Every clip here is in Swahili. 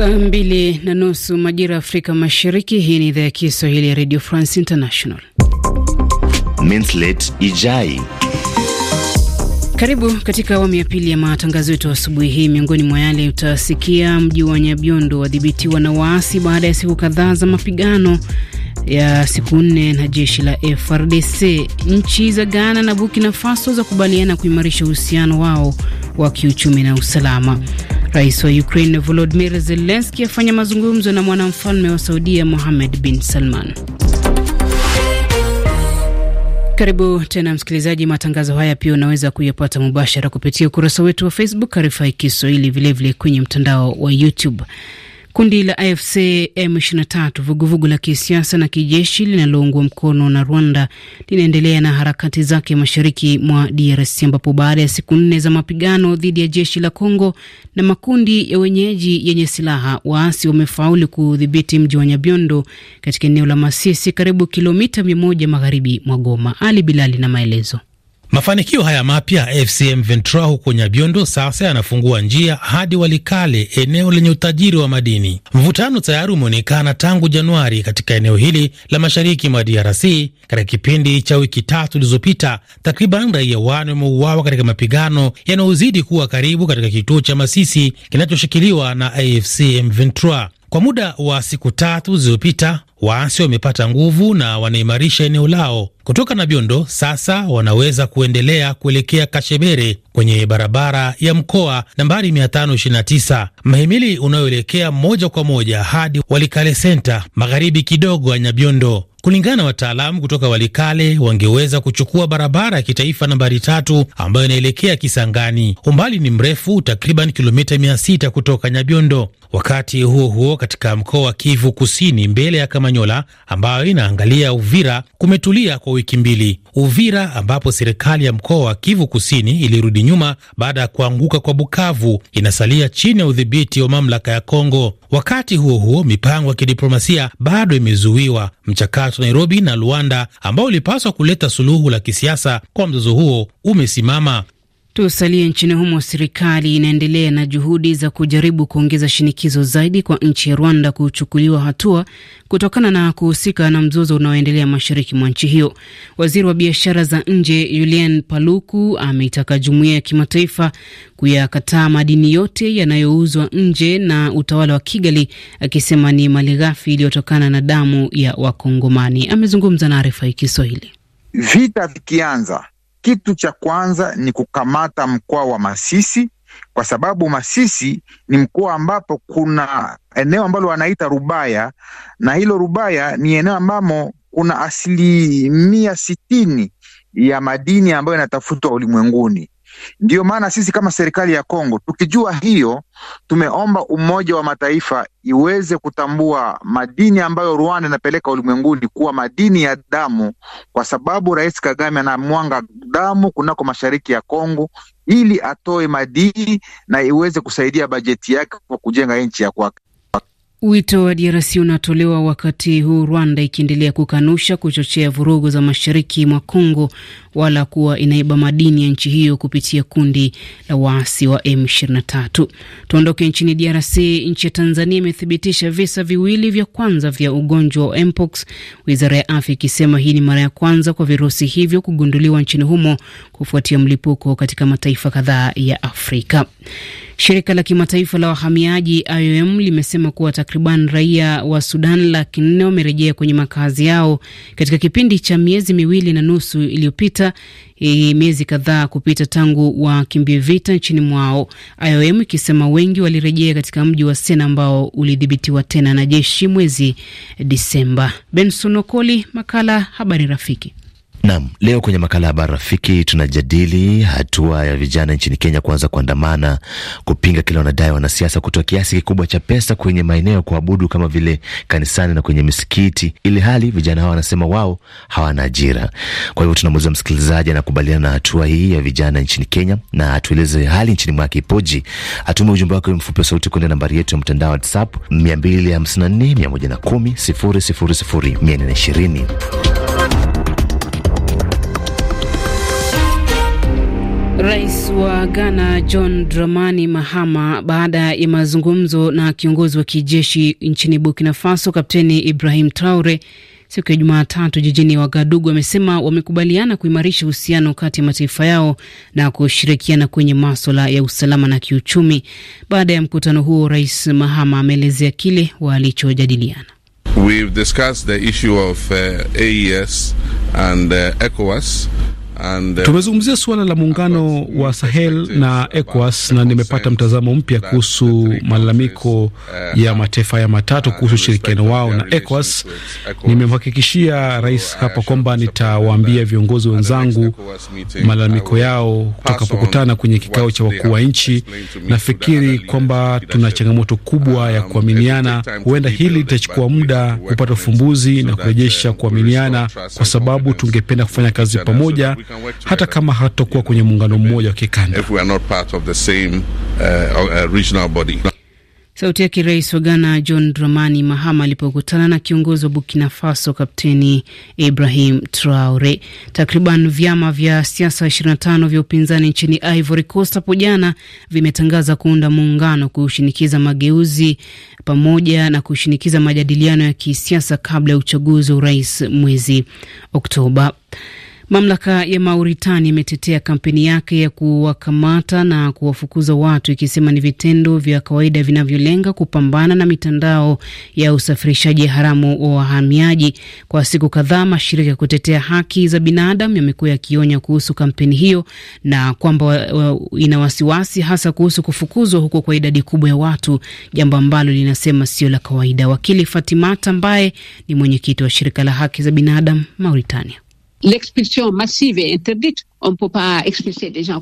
Saa mbili na nusu majira ya Afrika Mashariki. Hii ni idhaa ya Kiswahili ya Radio France International. Ijai, karibu katika awamu ya pili ya matangazo yetu asubuhi hii. Miongoni mwa yale utasikia, mji wa Nyabiondo wadhibitiwa na waasi baada ya siku kadhaa za mapigano ya siku nne na jeshi la FRDC. Nchi za Ghana na Burkina Faso za kubaliana kuimarisha uhusiano wao wa kiuchumi na usalama. Rais wa Ukraine volodimir zelenski afanya mazungumzo na mwanamfalme wa Saudia mohamed bin Salman. Karibu tena msikilizaji, matangazo haya pia unaweza kuyapata mubashara kupitia ukurasa wetu wa Facebook RFI Kiswahili, vilevile kwenye mtandao wa YouTube. Kundi la AFC M23, vuguvugu la kisiasa na kijeshi linaloungwa mkono na Rwanda, linaendelea na harakati zake mashariki mwa DRC, ambapo baada ya siku nne za mapigano dhidi ya jeshi la Congo na makundi ya wenyeji yenye silaha, waasi wamefaulu kudhibiti mji wa Nyabiondo katika eneo la Masisi, karibu kilomita mia moja magharibi mwa Goma. Ali Bilali na maelezo Mafanikio haya mapya FCM Ventura huko Nyabiondo sasa yanafungua njia hadi Walikale, eneo lenye utajiri wa madini. Mvutano tayari umeonekana tangu Januari katika eneo hili la mashariki mwa DRC. Katika kipindi cha wiki tatu zilizopita, takriban raia wane wameuawa katika mapigano yanayozidi kuwa karibu katika kituo cha Masisi kinachoshikiliwa na AFCM Ventura. Kwa muda wa siku tatu zilizopita, waasi wamepata nguvu na wanaimarisha eneo lao. Kutoka na Nabiondo sasa wanaweza kuendelea kuelekea Kashebere kwenye barabara ya mkoa nambari 529, mhimili unayoelekea moja kwa moja hadi Walikale senta magharibi kidogo ya Nyabiondo. Kulingana na wataalamu kutoka Walikale, wangeweza kuchukua barabara ya kitaifa nambari tatu ambayo inaelekea Kisangani. Umbali ni mrefu, takriban kilomita mia sita kutoka Nyabiondo. Wakati huo huo, katika mkoa wa Kivu Kusini, mbele ya Kamanyola ambayo inaangalia Uvira, kumetulia kwa wiki mbili. Uvira ambapo serikali ya mkoa wa Kivu Kusini ilirudi nyuma baada ya kuanguka kwa Bukavu, inasalia chini ya udhibiti wa mamlaka ya Kongo. Wakati huo huo, mipango ya kidiplomasia bado imezuiwa mchakato Mpakato Nairobi na Luanda ambao ulipaswa kuleta suluhu la kisiasa kwa mzozo huo umesimama. Tusalie nchini humo, serikali inaendelea na juhudi za kujaribu kuongeza shinikizo zaidi kwa nchi ya Rwanda kuchukuliwa hatua kutokana na kuhusika na mzozo unaoendelea mashariki mwa nchi hiyo. Waziri wa biashara za nje Julien Paluku ameitaka jumuiya ya kimataifa kuyakataa madini yote yanayouzwa nje na utawala wa Kigali, akisema ni mali ghafi iliyotokana na damu ya Wakongomani. Amezungumza na Arifa ya Kiswahili. Vita vikianza kitu cha kwanza ni kukamata mkoa wa Masisi kwa sababu Masisi ni mkoa ambapo kuna eneo ambalo wanaita Rubaya, na hilo Rubaya ni eneo ambamo kuna asilimia sitini ya madini ambayo inatafutwa ulimwenguni. Ndiyo maana sisi kama serikali ya Kongo tukijua hiyo, tumeomba Umoja wa Mataifa iweze kutambua madini ambayo Rwanda inapeleka ulimwenguni kuwa madini ya damu, kwa sababu Rais Kagame anamwanga damu kunako mashariki ya Kongo, ili atoe madini na iweze kusaidia bajeti yake kwa kujenga nchi ya kwake. Wito wa DRC unatolewa wakati huu Rwanda ikiendelea kukanusha kuchochea vurugu za mashariki mwa congo wala kuwa inaiba madini ya nchi hiyo kupitia kundi la waasi wa M23. Tuondoke nchini DRC. Nchi ya Tanzania imethibitisha visa viwili vya kwanza vya ugonjwa wa mpox, wizara ya afya ikisema hii ni mara ya kwanza kwa virusi hivyo kugunduliwa nchini humo kufuatia mlipuko katika mataifa kadhaa ya Afrika. Shirika la kimataifa la wahamiaji IOM limesema kuwa takriban raia wa Sudan laki nne wamerejea kwenye makazi yao katika kipindi cha miezi miwili na nusu iliyopita, eh, miezi kadhaa kupita tangu wakimbie vita nchini mwao, IOM ikisema wengi walirejea katika mji wa Sena ambao ulidhibitiwa tena na jeshi mwezi Disemba. Benson Okoli, makala Habari Rafiki nam leo kwenye makala ya Habari Rafiki tunajadili hatua ya vijana nchini Kenya kuanza kuandamana kupinga kile wanadai wanasiasa kutoa kiasi kikubwa cha pesa kwenye maeneo ya kuabudu kama vile kanisani na kwenye misikiti, ili hali vijana hao wanasema wao hawana ajira. Kwa hivyo tunamuuliza msikilizaji anakubaliana na hatua hii ya vijana nchini Kenya na atueleze hali nchini mwake ipoje. Atume ujumbe wake mfupi wa sauti kwenda nambari yetu ya mtandao WhatsApp 254 110 000 420. Rais wa Ghana John Dramani Mahama baada ya mazungumzo na kiongozi wa kijeshi nchini Burkina Faso Kapteni Ibrahim Traore siku ya Jumatatu jijini Wagadugu amesema wamekubaliana kuimarisha uhusiano kati ya mataifa yao na kushirikiana kwenye maswala ya usalama na kiuchumi. Baada ya mkutano huo, Rais Mahama ameelezea kile walichojadiliana. We've discussed the issue of, uh, AES and, uh, ECOWAS. Uh, Tumezungumzia suala la muungano wa Sahel na ECOWAS na nimepata mtazamo mpya kuhusu malalamiko uh, ya mataifa haya matatu uh, kuhusu ushirikiano wao na ECOWAS. Nimemhakikishia rais hapa kwamba nitawaambia viongozi wenzangu malalamiko yao tutakapokutana kwenye kikao cha wakuu wa nchi. Nafikiri kwamba tuna changamoto kubwa ya um, kuaminiana. Huenda hili litachukua muda kupata ufumbuzi na kurejesha kuaminiana, kwa sababu tungependa kufanya kazi pamoja hata kama hatokuwa kwenye muungano mmoja wa kikanda. Uh, uh, Sauti yake Rais wa Ghana John Dramani Mahama alipokutana na kiongozi wa Burkina Faso Kapteni Ibrahim Traore. Takriban vyama vya siasa 25 vya upinzani nchini Ivory Coast hapo jana vimetangaza kuunda muungano kushinikiza mageuzi pamoja na kushinikiza majadiliano ya kisiasa kabla ya uchaguzi wa urais mwezi Oktoba. Mamlaka ya Mauritania imetetea kampeni yake ya kuwakamata na kuwafukuza watu ikisema ni vitendo vya kawaida vinavyolenga kupambana na mitandao ya usafirishaji haramu wa wahamiaji. Kwa siku kadhaa, mashirika ya kutetea haki za binadamu yamekuwa yakionya kuhusu kampeni hiyo na kwamba ina wasiwasi hasa kuhusu kufukuzwa huko kwa idadi kubwa ya watu, jambo ambalo linasema sio la kawaida. Wakili Fatimata ambaye ni mwenyekiti wa shirika la haki za binadamu Mauritania L'expulsion massive est interdite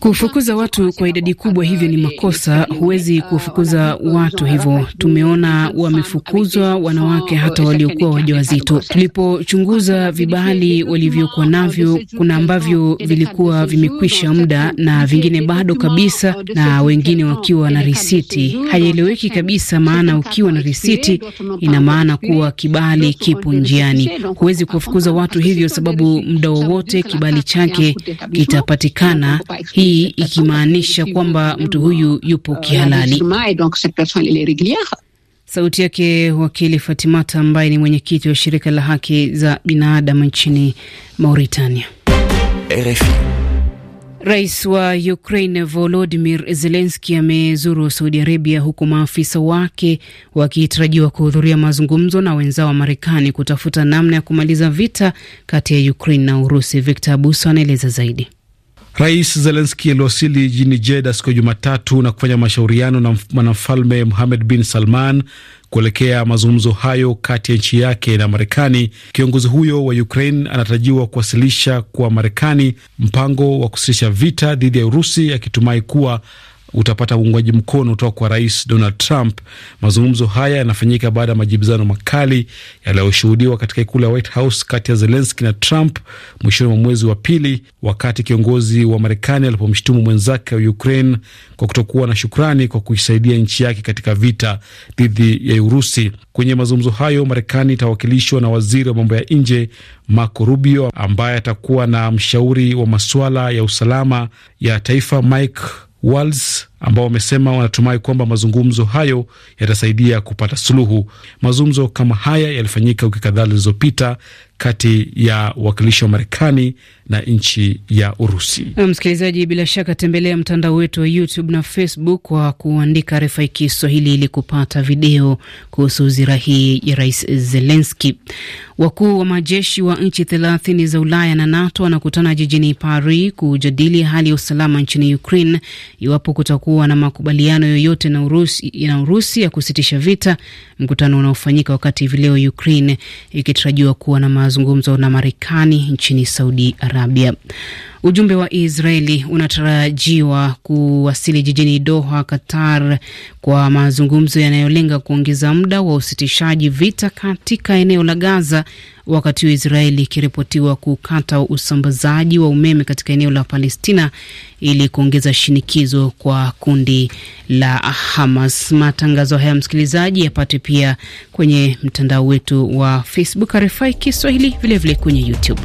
Kufukuza watu kwa idadi kubwa hivyo ni makosa, huwezi kuwafukuza watu hivyo. Tumeona wamefukuzwa wanawake hata waliokuwa wajawazito. Tulipochunguza vibali walivyokuwa navyo, kuna ambavyo vilikuwa vimekwisha muda na vingine bado kabisa, na wengine wakiwa na risiti. Haieleweki kabisa, maana ukiwa na risiti ina maana kuwa kibali kipo njiani. Huwezi kuwafukuza watu hivyo, sababu muda wowote kibali chake itapatikana, hii ikimaanisha kwamba mtu huyu yupo euh, kihalali. Sauti yake wakili Fatimata, ambaye ni mwenyekiti wa shirika la haki za binadamu nchini Mauritania. RFI. Rais wa Ukraine Volodimir Zelenski amezuru Saudi Arabia, huku maafisa wake wakitarajiwa kuhudhuria mazungumzo na wenzao wa Marekani kutafuta namna ya kumaliza vita kati ya Ukraine na Urusi. Victor Abuso anaeleza zaidi. Rais Zelenski aliwasili jijini Jeda siku ya Jumatatu na kufanya mashauriano na mwanamfalme muhamed bin Salman kuelekea mazungumzo hayo kati ya nchi yake na Marekani. Kiongozi huyo wa Ukraine anatarajiwa kuwasilisha kwa Marekani mpango wa kusitisha vita dhidi ya Urusi akitumai kuwa utapata uungwaji mkono kutoka kwa rais Donald Trump. Mazungumzo haya yanafanyika baada ya majibizano makali yaliyoshuhudiwa katika ikulu ya White House kati ya Zelenski na Trump mwishoni mwa mwezi wa pili, wakati kiongozi wa Marekani alipomshutumu mwenzake wa Ukraine kwa kutokuwa na shukrani kwa kuisaidia nchi yake katika vita dhidi ya Urusi. Kwenye mazungumzo hayo, Marekani itawakilishwa na waziri wa mambo ya nje Marco Rubio ambaye atakuwa na mshauri wa masuala ya usalama ya taifa Mike World's ambao wamesema wanatumai kwamba mazungumzo hayo yatasaidia kupata suluhu. Mazungumzo kama haya yalifanyika wiki kadhaa zilizopita kati ya wakilishi wa Marekani na nchi ya Urusi. Msikilizaji, bila shaka tembelea mtandao wetu wa YouTube na Facebook kwa kuandika RFI Kiswahili ili kupata video kuhusu ziara hii ya Rais Zelenski. Wakuu wa majeshi wa nchi thelathini za Ulaya na NATO wanakutana jijini Paris kujadili hali ya usalama nchini Ukraine iwapo kutakuwa kuwa na makubaliano yoyote na Urusi, na Urusi ya kusitisha vita, mkutano unaofanyika wakati hivi leo Ukraine ikitarajiwa kuwa na mazungumzo na Marekani nchini Saudi Arabia. Ujumbe wa Israeli unatarajiwa kuwasili jijini Doha, Qatar, kwa mazungumzo yanayolenga kuongeza muda wa usitishaji vita katika eneo la Gaza, wakati wa Israeli ikiripotiwa kukata usambazaji wa umeme katika eneo la Palestina ili kuongeza shinikizo kwa kundi la Hamas. Matangazo haya msikilizaji, yapate pia kwenye mtandao wetu wa Facebook RFI Kiswahili, vilevile kwenye YouTube.